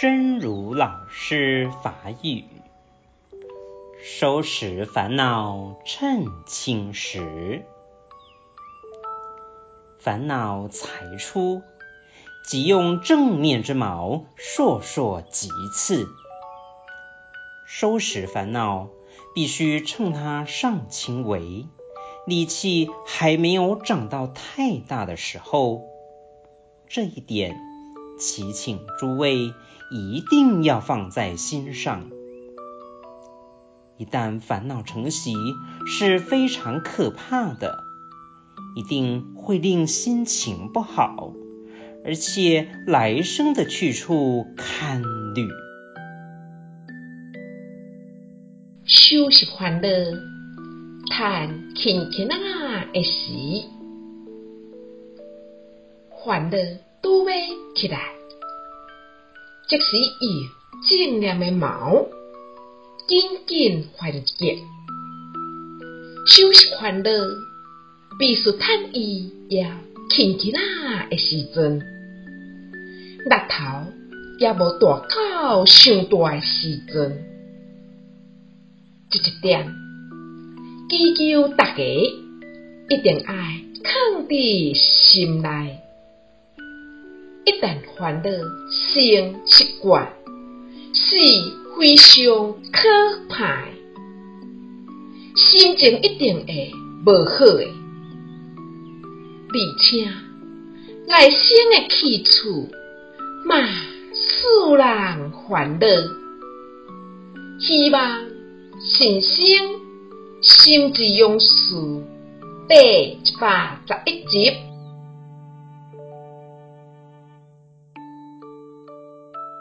真如老師法語：收拾煩惱趁輕時，煩惱才出，即用正念之矛，數數擊刺。收拾煩惱必須趁它尚輕微，力氣還沒有長到太大的時候，這一點。祈請諸位一定要放在心上，一旦煩惱成習是非常可怕的，一定會令心情不好，而且來生的去處堪慮。休息歡樂，談天天啊也習，歡樂多唄。起來，即使以精良的矛，堅堅快樂，休息快樂，必須趁伊呀，輕輕啊的時陣，力頭也無大到上大誒時陣，這一點，祈求，大家一定要放在心內。一旦煩惱形成習慣，是非常可怕，心情一定會無好嘅。並且，來生的去處嘛，使人煩惱。希望，新生，心之勇士，第一百一十一集。